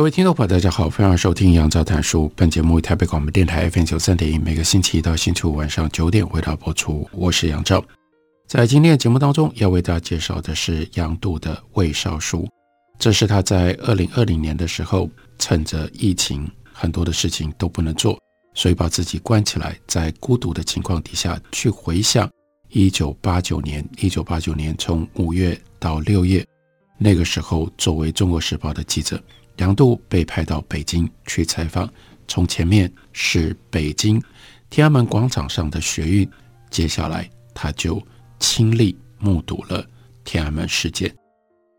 各位聽眾朋友，大家好，歡迎收聽楊照談書。本節目台北廣播電台 FM 九三點一，每個星期一到星期五晚上九點回到播出。我是楊照，在今天的節目當中要為大家介紹的是楊渡的《未燒書》，這是他在二零二零年的時候，趁着疫情很多的事情，都不能做，所以把自己關起來，在孤獨的情況底下去回想一九八九年，一九八九年從五月到六月，那個時候作為《中國時報》的記者。楊渡被派到北京去採訪，從前面是北京天安門廣場上的學運，接下來他就親歷目睹了天安門事件。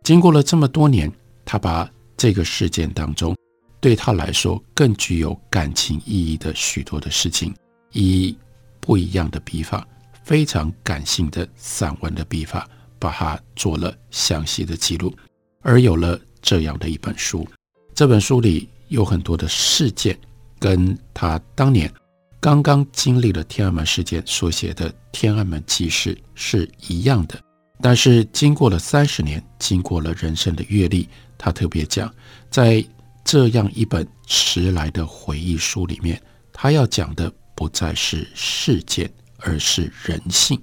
經過了這麼多年，他把這個事件當中對他來說更具有感情意義的許多的事情，以不一樣的筆法，非常感性的散文的筆法，把它做了詳細的記錄，而有了這樣的一本書。這本書裡有很多的事件，跟他當年剛剛經歷了天安門事件所寫的《天安門紀事》是一樣的。但是經過了三十年，經過了人生的閱歷，他特別講，在這樣一本遲來的回憶書裡面，他要講的不再是事件，而是人性，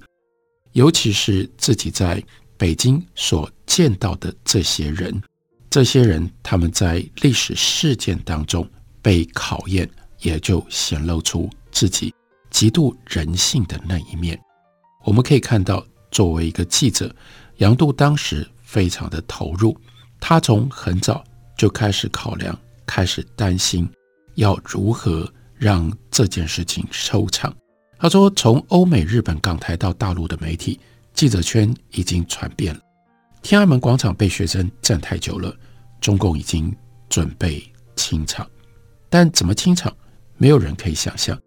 尤其是自己在北京所見到的這些人。這些人，他們在歷史事件當中被考驗，也就顯露出自己極度人性的那一面。我們可以看到，作為一個記者，楊渡當時非常的投入，他從很早就開始考量，開始擔心要如何讓這件事情收場。他說：“從歐美、日本、港台到大陸的媒體記者圈已經傳遍了。”天安門廣場被學生占太久了，中共已經準備清場，但怎麼清場，沒有人可以想象。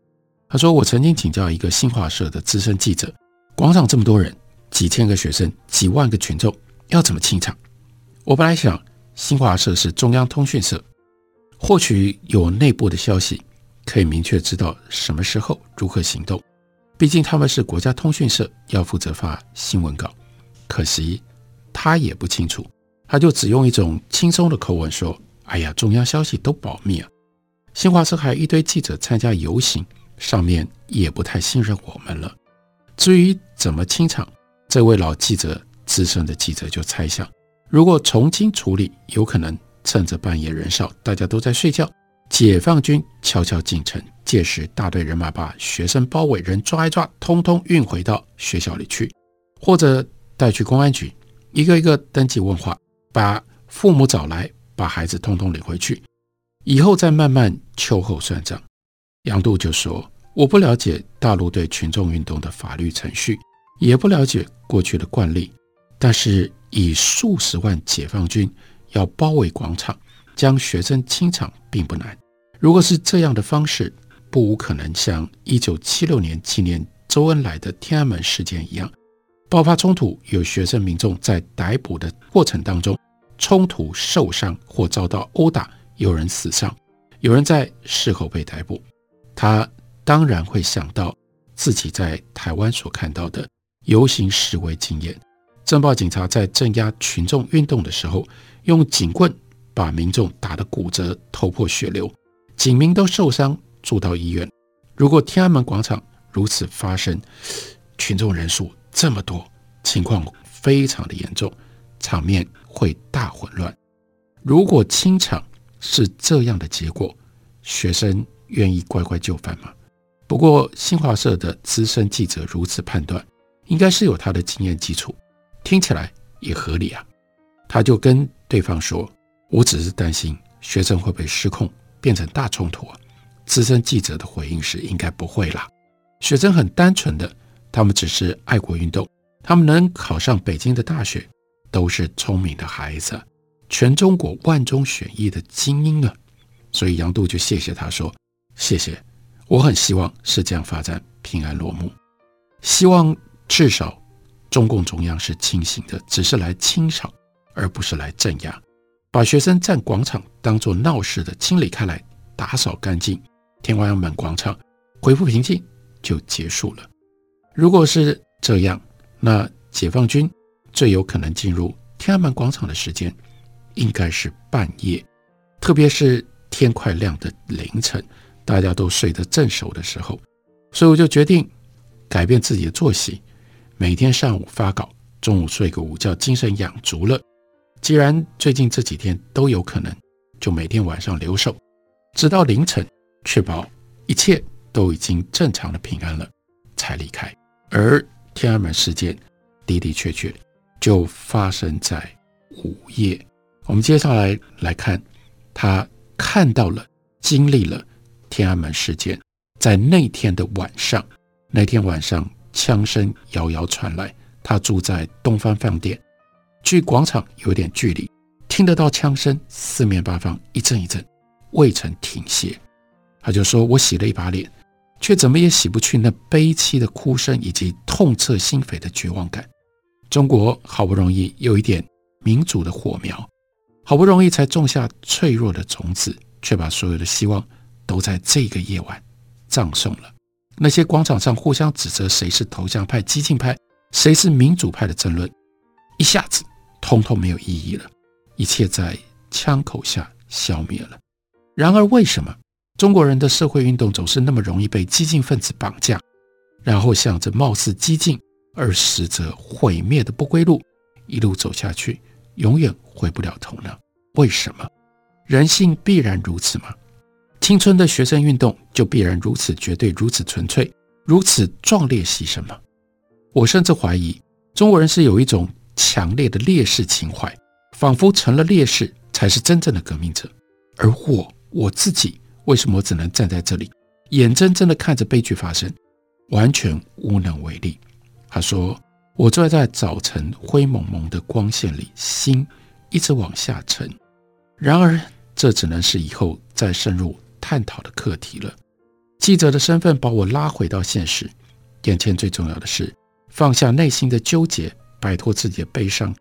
他說：“我曾經請教一個新華社的資深記者，廣場這麼多人，幾千個學生，幾萬個群眾，要怎麼清場？我本來想，新華社是中央通訊社，或許有內部的消息，可以明確知道什麼時候如何行動。畢竟他們是國家通訊社，要負責發新聞稿。可惜。”他也不清楚，他就只用一種輕鬆的口吻說：“哎呀，中央消息都保密啊！新華社還有一堆記者參加遊行，上面也不太信任我們了。至於怎麼清場，這位老記者、資深的記者就猜想：如果從輕處理，有可能趁着半夜人少，大家都在睡覺，解放軍悄悄進城，屆時大隊人馬把學生包圍，人抓一抓，通通運回到學校裡去，或者帶去公安局。”一個一個登記問話，把父母找來，把孩子通通領回去，以後再慢慢秋後算賬。楊渡就說：“我不了解大陸對群眾運動的法律程序，也不了解過去的慣例，但是以數十萬解放軍要包圍廣場，將學生清場並不難。如果是這樣的方式，不無可能像1976年紀念周恩來的天安門事件一樣。”爆發衝突，有學生民眾在逮捕的過程當中衝突受傷或遭到毆打，有人死傷，有人在事後被逮捕。他當然會想到自己在台灣所看到的遊行示威經驗，鎮暴警察在鎮壓群眾運動的時候，用警棍把民眾打得骨折、頭破血流，警民都受傷住到醫院。如果天安門廣場如此發生，群眾人數，這麼多情況非常的嚴重，場面會大混亂。如果清場是這樣的結果，學生願意乖乖就範嗎？不過新華社的資深記者如此判斷，應該是有他的經驗基礎，聽起來也合理啊。他就跟對方說：“我只是擔心學生會不會失控，變成大衝突啊。”資深記者的回應是：“應該不會啦。”學生很單純的。他們只是愛國運動，他們能考上北京的大學，都是聰明的孩子，全中國萬中選一的精英呢、啊。所以楊渡就謝謝他說：“謝謝，我很希望是這樣發展，平安落幕。希望至少中共中央是清醒的，只是來清場，而不是來鎮壓。把學生佔廣場當做鬧事的清理開來，打掃乾淨，天安門廣場恢復平靜，就結束了。”如果是這樣，那解放軍最有可能進入天安門廣場的時間，應該是半夜，特別是天快亮的凌晨，大家都睡得正熟的時候。所以我就決定改變自己的作息，每天上午發稿，中午睡個午覺，精神養足了。既然最近這幾天都有可能，就每天晚上留守，直到凌晨，確保一切都已經正常的平安了，才離開。而天安門事件的的確確就發生在午夜。我們接下來來看，他看到了、經歷了天安門事件。在那天的晚上，那天晚上槍聲遙遙傳來。他住在東方飯店，距廣場有點距離，聽得到槍聲，四面八方一陣一陣，未曾停歇。他就說：“我洗了一把臉。”卻怎麼也洗不去那悲淒的哭聲，以及痛徹心扉的絕望感。中國好不容易有一點民主的火苗，好不容易才種下脆弱的種子，卻把所有的希望都在這個夜晚葬送了。那些廣場上互相指責誰是投降派、激進派，誰是民主派的爭論，一下子通通沒有意義了，一切在槍口下消滅了。然而，為什麼？中國人的社會運動總是那麼容易被激進分子綁架，然後向着貌似激進而實則毀滅的不歸路一路走下去，永遠回不了頭呢？為什麼？人性必然如此嗎？青春的學生運動就必然如此絕對如此純粹如此壯烈犧牲嗎？我甚至懷疑，中國人是有一種強烈的烈士情懷，仿佛成了烈士才是真正的革命者，而我我自己。為什麼只能站在這裡，眼睜睜地看着悲劇發生，完全無能為力？他說：“我坐在早晨灰蒙蒙的光線裡，心一直往下沉。然而，這只能是以後再深入探討的課題了。”記者的身份把我拉回到現實，眼前最重要的是放下內心的糾結，擺脫自己的悲傷，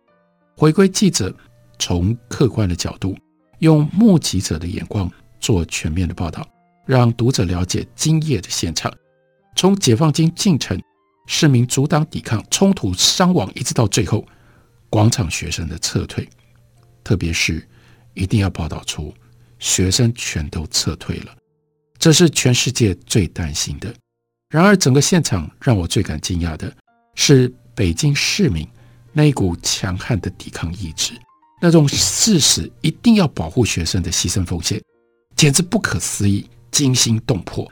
回歸記者，從客觀的角度，用目擊者的眼光。做全面的報道，讓讀者了解今夜的現場，從解放軍進城、市民阻擋抵抗、衝突傷亡，一直到最後廣場學生的撤退，特別是一定要報道出學生全都撤退了，這是全世界最擔心的。然而，整個現場讓我最感驚訝的是北京市民那一股強悍的抵抗意志，那種誓死一定要保護學生的犧牲奉獻。簡直不可思議，驚心動魄，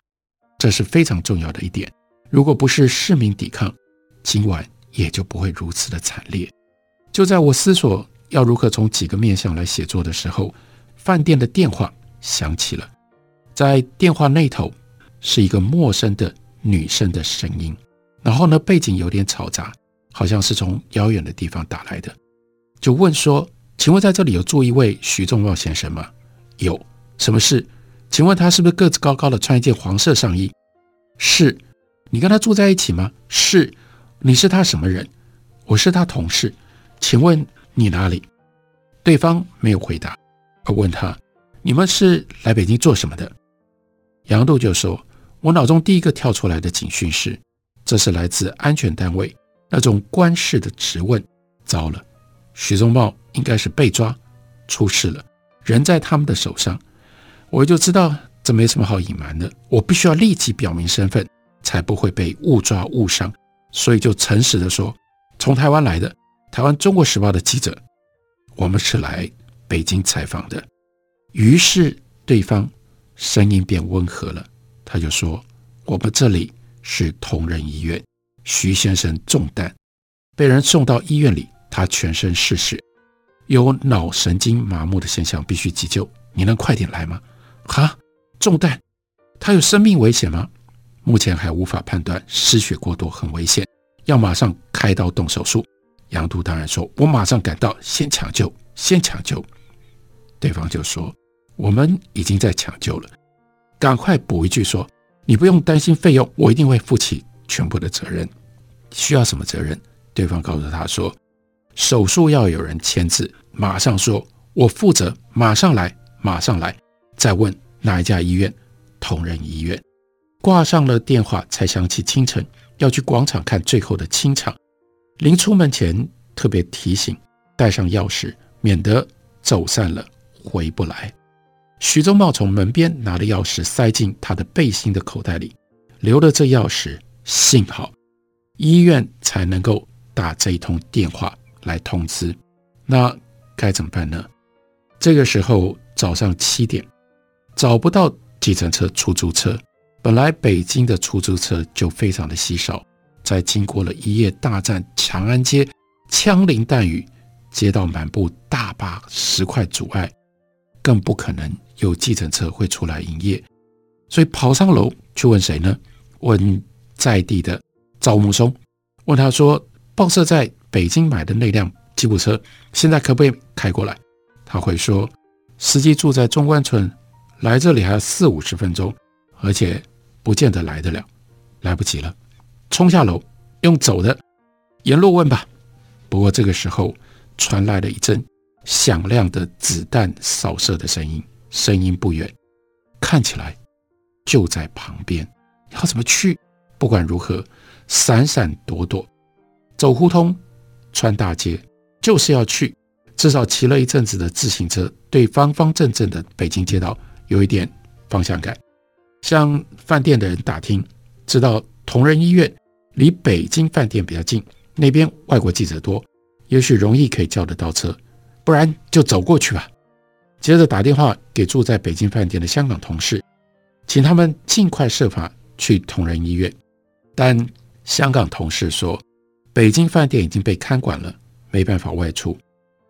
這是非常重要的一點。如果不是市民抵抗，今晚也就不會如此的慘烈。就在我思索要如何從幾個面向來寫作的時候，飯店的電話響起了。在電話那頭是一個陌生的女生的聲音，然後呢，背景有點嘈雜，好像是從遙遠的地方打來的。就問說：“請問在這裡有住一位徐仲茂先生嗎？”有。什麼事？請問他是不是個子高高的，穿一件黃色上衣？是，你跟他住在一起嗎？是，你是他什麼人？我是他同事。請問你哪裡？對方沒有回答，而問他：“你們是來北京做什麼的？”楊渡就說：“我腦中第一個跳出來的警訊是，這是來自安全單位那種官式的質問。糟了，徐宗茂應該是被抓，出事了，人在他們的手上。”我就知道這沒什麼好隱瞞的，我必須要立即表明身份，才不會被誤抓誤傷。所以就誠實地說，從台灣來的，台灣《中國時報》的記者，我們是來北京採訪的。於是對方聲音變溫和了，他就說：“我們這裡是同仁醫院，徐先生中彈，被人送到醫院裡，他全身是血，有腦神經麻木的現象，必須急救。你能快點來嗎？”哈，中彈，他有生命危險嗎？目前還無法判斷，失血過多很危險，要馬上開刀動手術。楊渡當然說：“我馬上趕到，先搶救，先搶救。”對方就說：“我們已經在搶救了。”趕快補一句說：“你不用擔心費用，我一定會負起全部的責任。”需要什麼責任？對方告訴他說：“手術要有人簽字。”馬上說：“我負責，馬上來，馬上來。”再問哪一家醫院？同仁醫院。掛上了電話，才想起清晨要去廣場看最後的清場。臨出門前，特別提醒帶上鑰匙，免得走散了回不來。徐宗茂從門邊拿着鑰匙塞進他的背心的口袋裡，留了這鑰匙信號，幸好醫院才能夠打這一通電話來通知。那該怎麼辦呢？這個時候早上七點。找不到計程車、出租車。本來北京的出租車就非常的稀少，再經過了一夜大戰，長安街槍林彈雨，街道滿布大把石塊阻礙，更不可能有計程車會出來營業。所以跑上樓去問誰呢？問在地的趙木松，問他說：“報社在北京買的那輛吉普車，現在可不可以開過來？”他會說：“司機住在中關村。”來這裡還要四五十分鐘，而且不見得來得了，來不及了。衝下樓，用走的，沿路問吧。不過這個時候傳來了一陣響亮的子彈掃射的聲音，聲音不遠，看起來就在旁邊。要怎麼去？不管如何，閃閃躲躲，走胡同，穿大街，就是要去。至少騎了一陣子的自行車，對方方正正的北京街道，有一點方向感，向飯店的人打聽，知道同仁醫院離北京飯店比較近，那邊外國記者多，也許容易可以叫得到車，不然就走過去吧。接着打電話給住在北京飯店的香港同事，請他們儘快設法去同仁醫院。但香港同事說，北京飯店已經被看管了，沒辦法外出。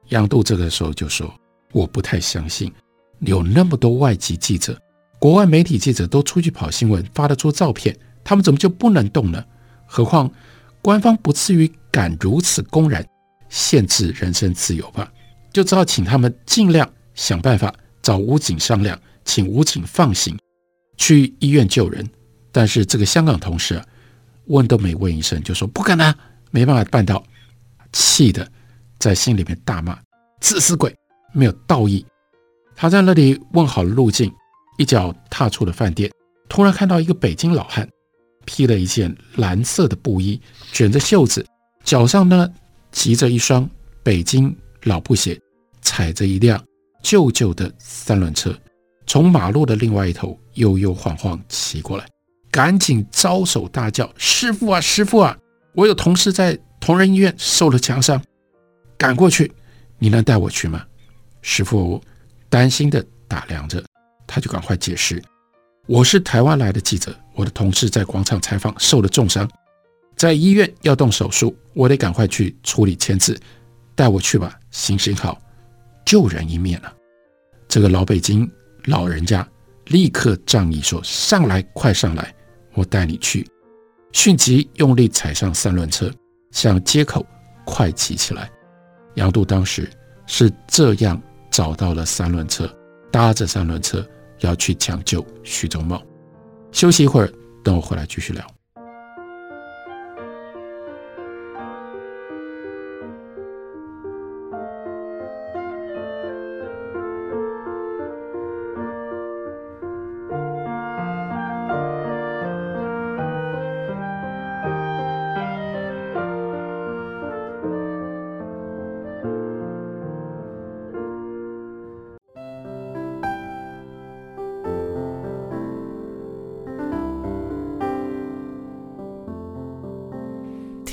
楊渡這個時候就說：“我不太相信。”有那麼多外籍記者、國外媒體記者都出去跑新聞，發得出照片，他們怎麼就不能動呢？何況官方不至於敢如此公然限制人身自由吧？就只好請他們盡量想辦法找武警商量，請武警放行去醫院救人。但是這個香港同事啊，問都沒問一聲就說不可能，啊，沒辦法辦到，氣得在心裡面大罵：自私鬼，沒有道義。他在那裡問好了路徑，一腳踏出了飯店，突然看到一個北京老漢，披了一件藍色的布衣，捲着袖子，腳上呢，騎着一雙北京老布鞋，踩着一輛舊舊的三輪車，從馬路的另外一頭悠悠晃晃騎過來，趕緊招手大叫：“師傅啊，師傅啊，我有同事在同仁醫院受了槍傷，趕過去，你能帶我去嗎？”師傅。擔心地打量着，他就趕快解釋：“我是台灣來的記者，我的同事在廣場採訪受了重傷，在醫院要動手術，我得趕快去處理簽字。帶我去吧，行行好，救人一命啊！”這個老北京老人家立刻仗義說：“上來，快上來，我帶你去。”迅即用力踩上三輪車，向街口快騎起來。楊渡當時是這樣。找到了三輪車，搭着三輪車要去搶救徐州茂。休息一會兒，等我回來繼續聊。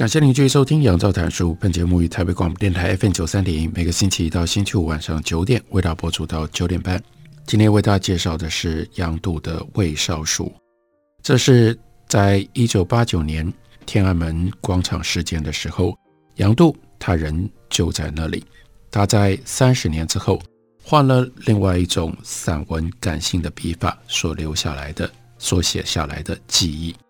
感謝您繼續收聽楊照談書本節目，於台北廣播電臺 FM 九三點一，每個星期一到星期五晚上九點為大家播出到九點半。今天為大家介紹的是楊渡的《未燒書》，這是在一九八九年天安門廣場事件的時候，楊渡他人就在那裡。他在三十年之後，換了另外一種散文感性的筆法，所留下來的，所寫下來的記憶。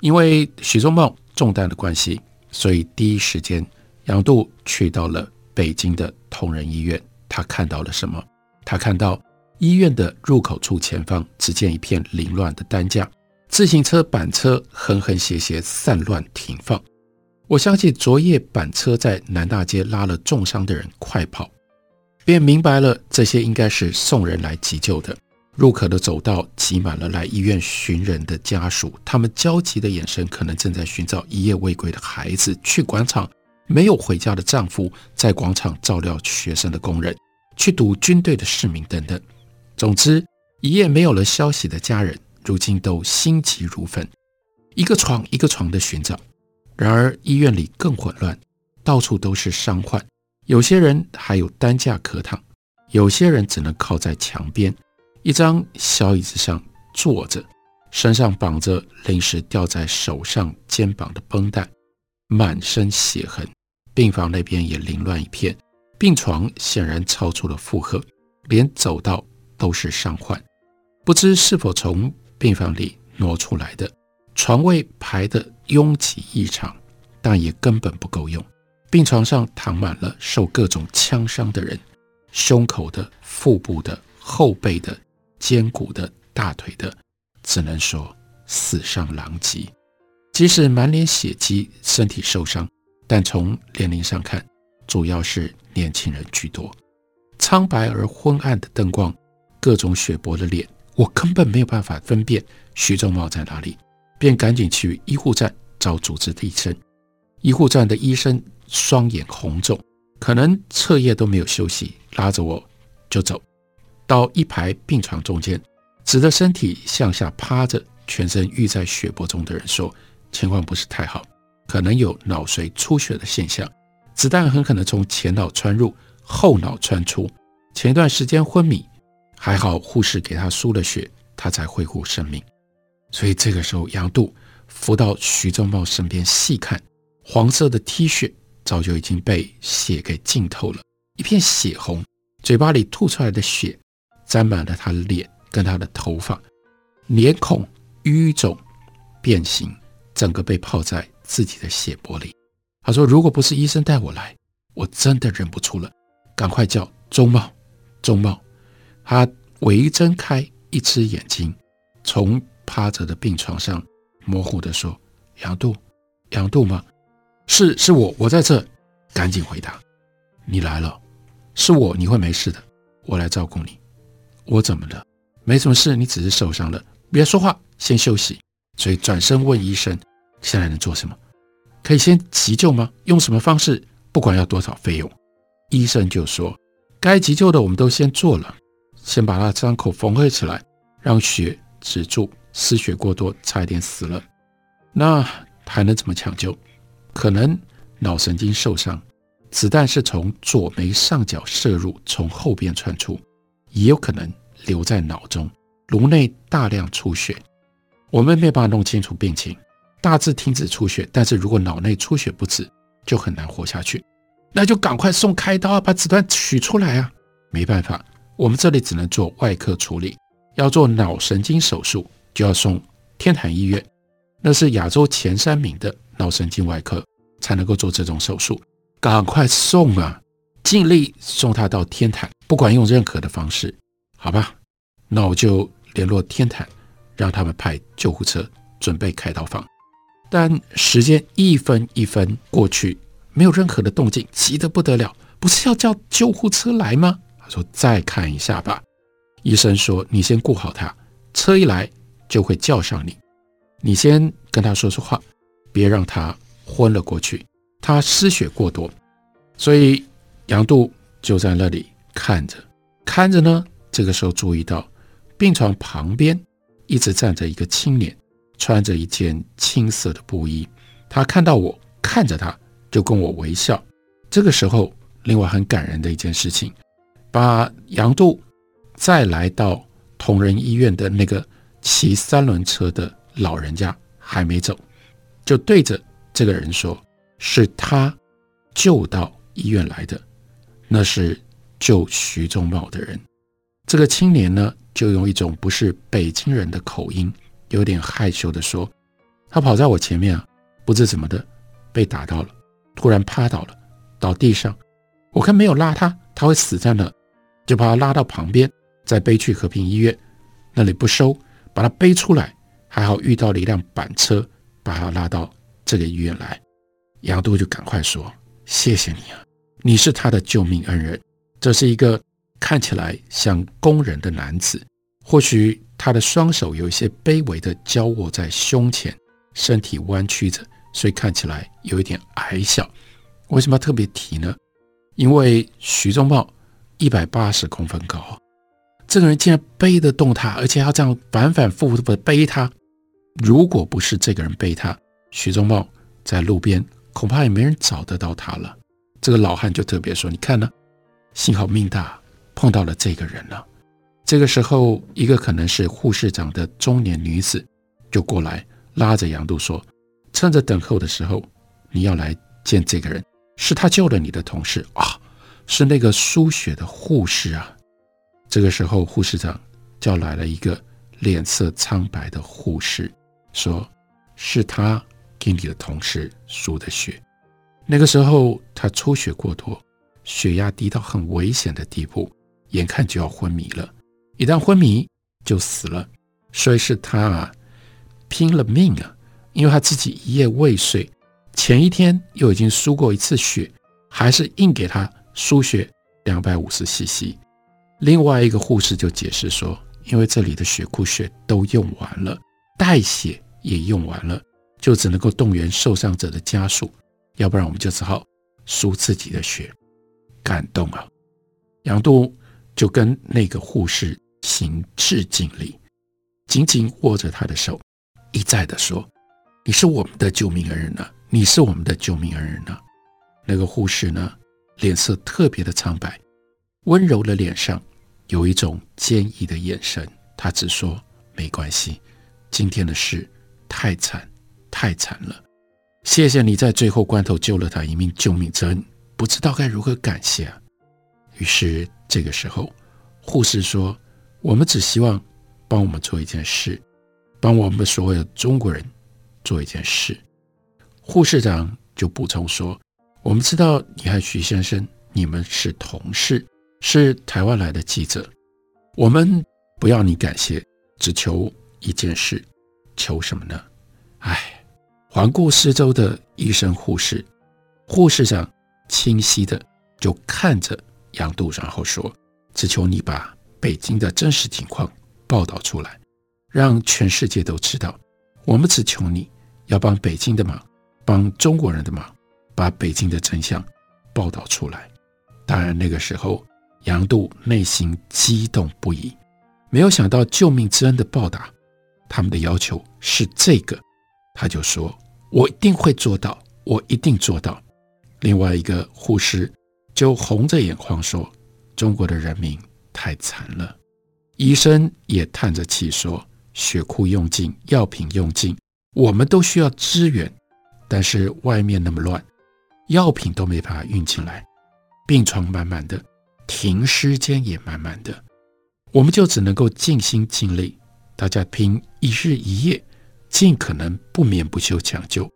因為徐宗懋中彈的關係，所以第一時間，楊渡去到了北京的同仁醫院。他看到了什麼？他看到醫院的入口處前方，只見一片凌亂的擔架、自行車、板車，橫橫斜斜散亂停放。我相信昨夜板車在南大街拉了重傷的人快跑，便明白了這些應該是送人來急救的。入口的走道擠滿了來醫院尋人的家屬，他們焦急的眼神可能正在尋找一夜未歸的孩子；去廣場沒有回家的丈夫，在廣場照料學生的工人；去堵軍隊的市民等等。總之，一夜沒有了消息的家人，如今都心急如焚，一個床一個床的尋找。然而，醫院裡更混亂，到處都是傷患，有些人還有擔架可躺，有些人只能靠在牆邊。一張小椅子上坐着，身上綁着臨時吊在手上、肩膀的繃帶，滿身血痕。病房那邊也凌亂一片，病床顯然超出了負荷，連走道都是傷患，不知是否從病房裡挪出來的。床位排得擁擠異常，但也根本不夠用。病床上躺滿了受各種槍傷的人，胸口的、腹部的、後背的。肩骨的，大腿的，只能說死傷狼藉。即使滿臉血跡，身體受傷，但從年齡上看，主要是年輕人居多。蒼白而昏暗的燈光，各種血泊的臉，我根本沒有辦法分辨徐仲茂在哪裡，便趕緊去醫護站找主治醫生。醫護站的醫生雙眼紅腫，可能徹夜都沒有休息，拉着我就走。到一排病床中間，指着身體向下趴着、全身浴在血泊中的人說：“情況不是太好，可能有腦髓出血的現象，子彈很可能從前腦穿入、後腦穿出。前一段時間昏迷，還好護士給他輸了血，他才恢復生命。所以這個時候，楊渡扶到徐正茂身邊細看，黃色的 T 恤早就已經被血給浸透了，一片血紅，嘴巴裡吐出來的血。”沾滿了他的臉跟他的頭髮，臉孔淤腫變形，整個被泡在自己的血泊裡。他說：“如果不是醫生帶我來，我真的認不出了。”趕快叫鍾茂，鍾茂。他微睜開一只眼睛，從趴着的病床上模糊地說：“楊渡，楊渡嗎？是，是我，我在這。”趕緊回答：“你來了，是我，你會沒事的，我來照顧你。”我怎麼了？沒什麼事，你只是受傷了。別說話，先休息。所以轉身問醫生，現在能做什麼？可以先急救嗎？用什麼方式？不管要多少費用。醫生就說，該急救的我們都先做了，先把那傷口縫合起來，讓血止住。失血過多，差一點死了。那還能怎麼搶救？可能腦神經受傷，子彈是從左眉上角射入，從後邊穿出。也有可能留在腦中，顱內大量出血，我們沒辦法弄清楚病情，大致停止出血。但是如果腦內出血不止，就很難活下去。那就趕快送開刀啊，把子彈取出來啊！沒辦法，我們這裡只能做外科處理，要做腦神經手術，就要送天壇醫院，那是亞洲前三名的腦神經外科才能夠做這種手術。趕快送啊！盡力送他到天壇，不管用任何的方式，好吧，那我就聯絡天壇，讓他們派救護車準備開刀房。但時間一分一分過去，沒有任何的動靜，急得不得了。不是要叫救護車來嗎？他說：“再看一下吧。”醫生說：“你先顧好他，車一來就會叫上你。你先跟他說說話，別讓他昏了過去。他失血過多，所以。”楊度就在那裡看着，看着呢。這個時候注意到，病床旁邊一直站着一個青年，穿着一件青色的布衣。他看到我看着他，就跟我微笑。這個時候，另外很感人的一件事情，把楊渡再來到同仁醫院的那個騎三輪車的老人家還沒走，就對着這個人說：“是他救到醫院來的。”那是救徐中茂的人，這個青年呢，就用一種不是北京人的口音，有點害羞的說：“他跑在我前面啊，不知怎麼的被打到了，突然趴倒了，倒地上。我看沒有拉他，他會死在那，就把他拉到旁邊，再背去和平醫院。那裡不收，把他背出來，還好遇到了一輛板車，把他拉到這個醫院來。楊渡就趕快說：‘謝謝你啊。’你是他的救命恩人。這是一個看起來像工人的男子，或許他的雙手有一些卑微的交握在胸前，身體彎曲着，所以看起來有一點矮小。為什麼要特別提呢？因為徐宗茂一百八十公分高，這個人竟然背得動他，而且還要這樣反反复复的背他。如果不是這個人背他，徐宗茂在路邊恐怕也沒人找得到他了。這個老漢就特別說：“你看呢、啊，幸好命大，碰到了這個人了、啊。”這個時候，一個可能是護士長的中年女子就過來拉着楊渡說：“趁着等候的時候，你要來見這個人，是他救了你的同事啊，是那個輸血的護士啊。”這個時候，護士長叫來了一個臉色蒼白的護士，說：“是他給你的同事輸的血。”那個時候他出血過多，血壓低到很危險的地步，眼看就要昏迷了。一旦昏迷就死了，所以是他啊，拼了命啊！因為他自己一夜未睡，前一天又已經輸過一次血，還是硬給他輸血兩百五十 CC。另外一個護士就解釋說，因為這裡的血庫血都用完了，代血也用完了，就只能夠動員受傷者的家屬。要不然我們就只好輸自己的血。感動啊！楊渡就跟那個護士行致敬禮，緊緊握着他的手，一再的說：“你是我們的救命恩人啊！你是我們的救命恩人啊！”那個護士呢，臉色特別的蒼白，溫柔的臉上有一種堅毅的眼神。他只說：“沒關係，今天的事太慘，太慘了。”謝謝你在最後關頭救了他一命，救命之恩不知道該如何感謝啊！於是這個時候，護士說：“我們只希望幫我們做一件事，幫我們所有的中國人做一件事。”護士長就補充說：“我們知道你和徐先生，你們是同事，是台灣來的記者，我們不要你感謝，只求一件事，求什麼呢？唉。”環顧四周的醫生、護士、護士長，清晰的就看着楊渡，然後說：“只求你把北京的真實情況報道出來，讓全世界都知道。我們只求你要幫北京的忙，幫中國人的忙，把北京的真相報道出來。”當然，那個時候楊渡內心激動不已，沒有想到救命之恩的報答，他們的要求是這個，他就說。我一定會做到，我一定做到。另外一個護士就紅着眼眶說：“中國的人民太慘了。”醫生也嘆着氣說：“血庫用盡，藥品用盡，我們都需要支援，但是外面那麼亂，藥品都沒法運進來，病床滿滿的，停屍間也滿滿的，我們就只能夠盡心盡力，大家拼一日一夜。”盡可能不眠不休搶救，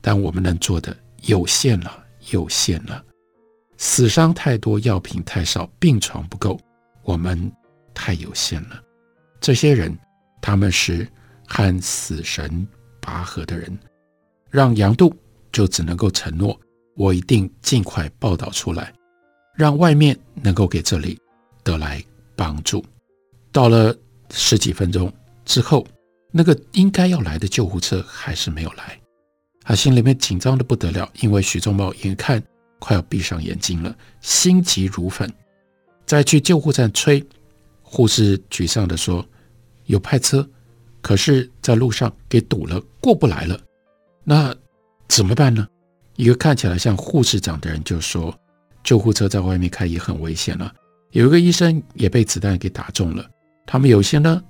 但我們能做的有限了，有限了，死傷太多，藥品太少，病床不夠，我們太有限了。這些人，他們是和死神拔河的人，讓楊渡就只能夠承諾，我一定儘快報道出來，讓外面能夠給這裡得來幫助。到了十幾分鐘之後。那個應該要來的救護車還是沒有來，他心裡面緊張得不得了，因為徐仲茂眼看快要閉上眼睛了，心急如焚。再去救護站催，護士沮喪地說：“有派車，可是在路上給堵了，過不來了。”那怎麼辦呢？一個看起來像護士長的人就說：“救護車在外面開也很危險了啊，有一個醫生，也被子彈給打中了，他們有些呢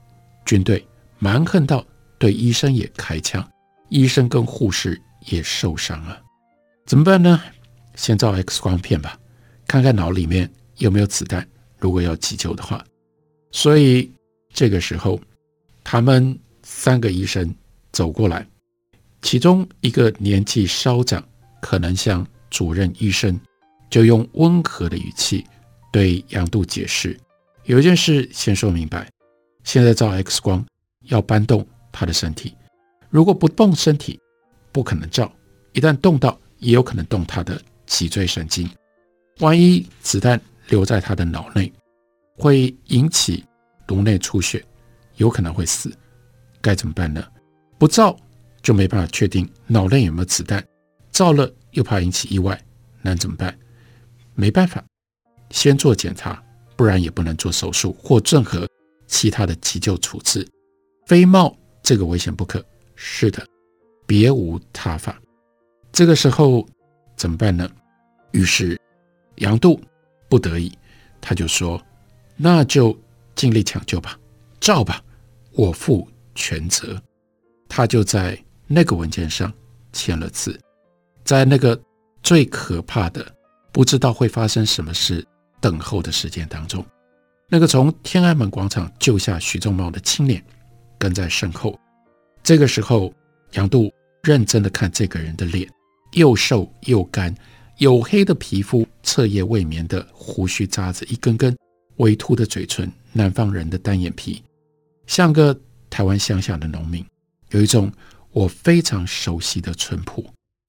軍隊。”蠻橫到對醫生也開槍，醫生跟護士也受傷了，啊，怎麼辦呢？先照 X 光片吧，看看腦裡面有沒有子彈。如果要急救的話，所以這個時候，他們三個醫生走過來，其中一個年紀稍長，可能像主任醫生，就用溫和的語氣對楊渡解釋：有一件事先說明白，現在照 X 光。要搬動他的身體，如果不動身體，不可能照；一旦動到，也有可能動他的脊椎神經。萬一子彈留在他的腦內，會引起顱內出血，有可能會死。該怎麼辦呢？不照就沒辦法確定腦內有沒有子彈，照了又怕引起意外，那怎麼辦？沒辦法，先做檢查，不然也不能做手術或任何其他的急救處置。非冒這個危險不可，是的，別無他法。這個時候怎麼辦呢？於是楊渡不得已，他就說：“那就盡力搶救吧，照吧，我負全責。”他就在那個文件上簽了字，在那個最可怕的、不知道會發生什麼事等候的時間當中，那個從天安門廣場救下徐仲茂的青年。跟在身後，這個時候，楊渡認真地看這個人的臉，又瘦又乾，黝黑的皮膚，徹夜未眠的鬍鬚渣子一根根，微凸的嘴唇，南方人的單眼皮，像個台灣鄉下的農民，有一種我非常熟悉的淳樸。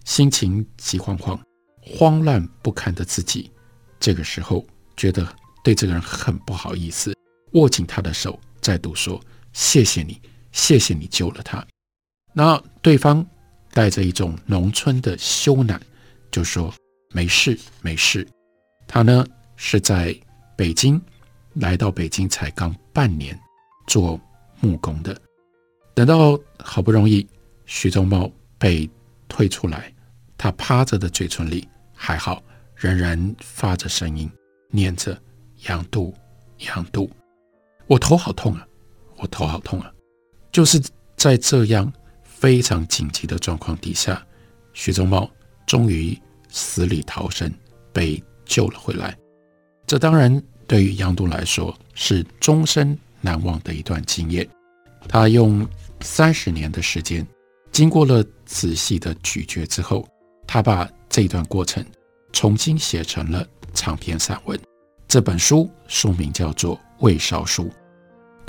心情急慌慌，慌亂不堪的自己，這個時候覺得對這個人很不好意思，握緊他的手，再度說。謝謝你，謝謝你救了他。那對方帶着一種農村的羞赧，就說：“沒事，沒事。”他呢是在北京，來到北京才剛半年，做木工的。等到好不容易徐宗懋被退出來，他趴着的嘴唇裡還好，仍然發着聲音念着楊渡：“楊渡，楊渡，我頭好痛啊。”我頭好痛啊！就是在這樣非常緊急的狀況底下，徐宗茂終於死裡逃生，被救了回來。這當然對於楊渡來說是終身難忘的一段經驗。他用三十年的時間，經過了仔細的咀嚼之後，他把這段過程重新寫成了長篇散文。這本書書名叫做《未燒書》。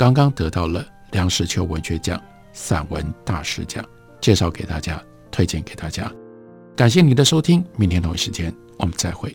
剛剛得到了梁實秋文學獎、散文大師獎，介紹給大家，推薦給大家。感謝您的收聽，明天同一時間我們再會。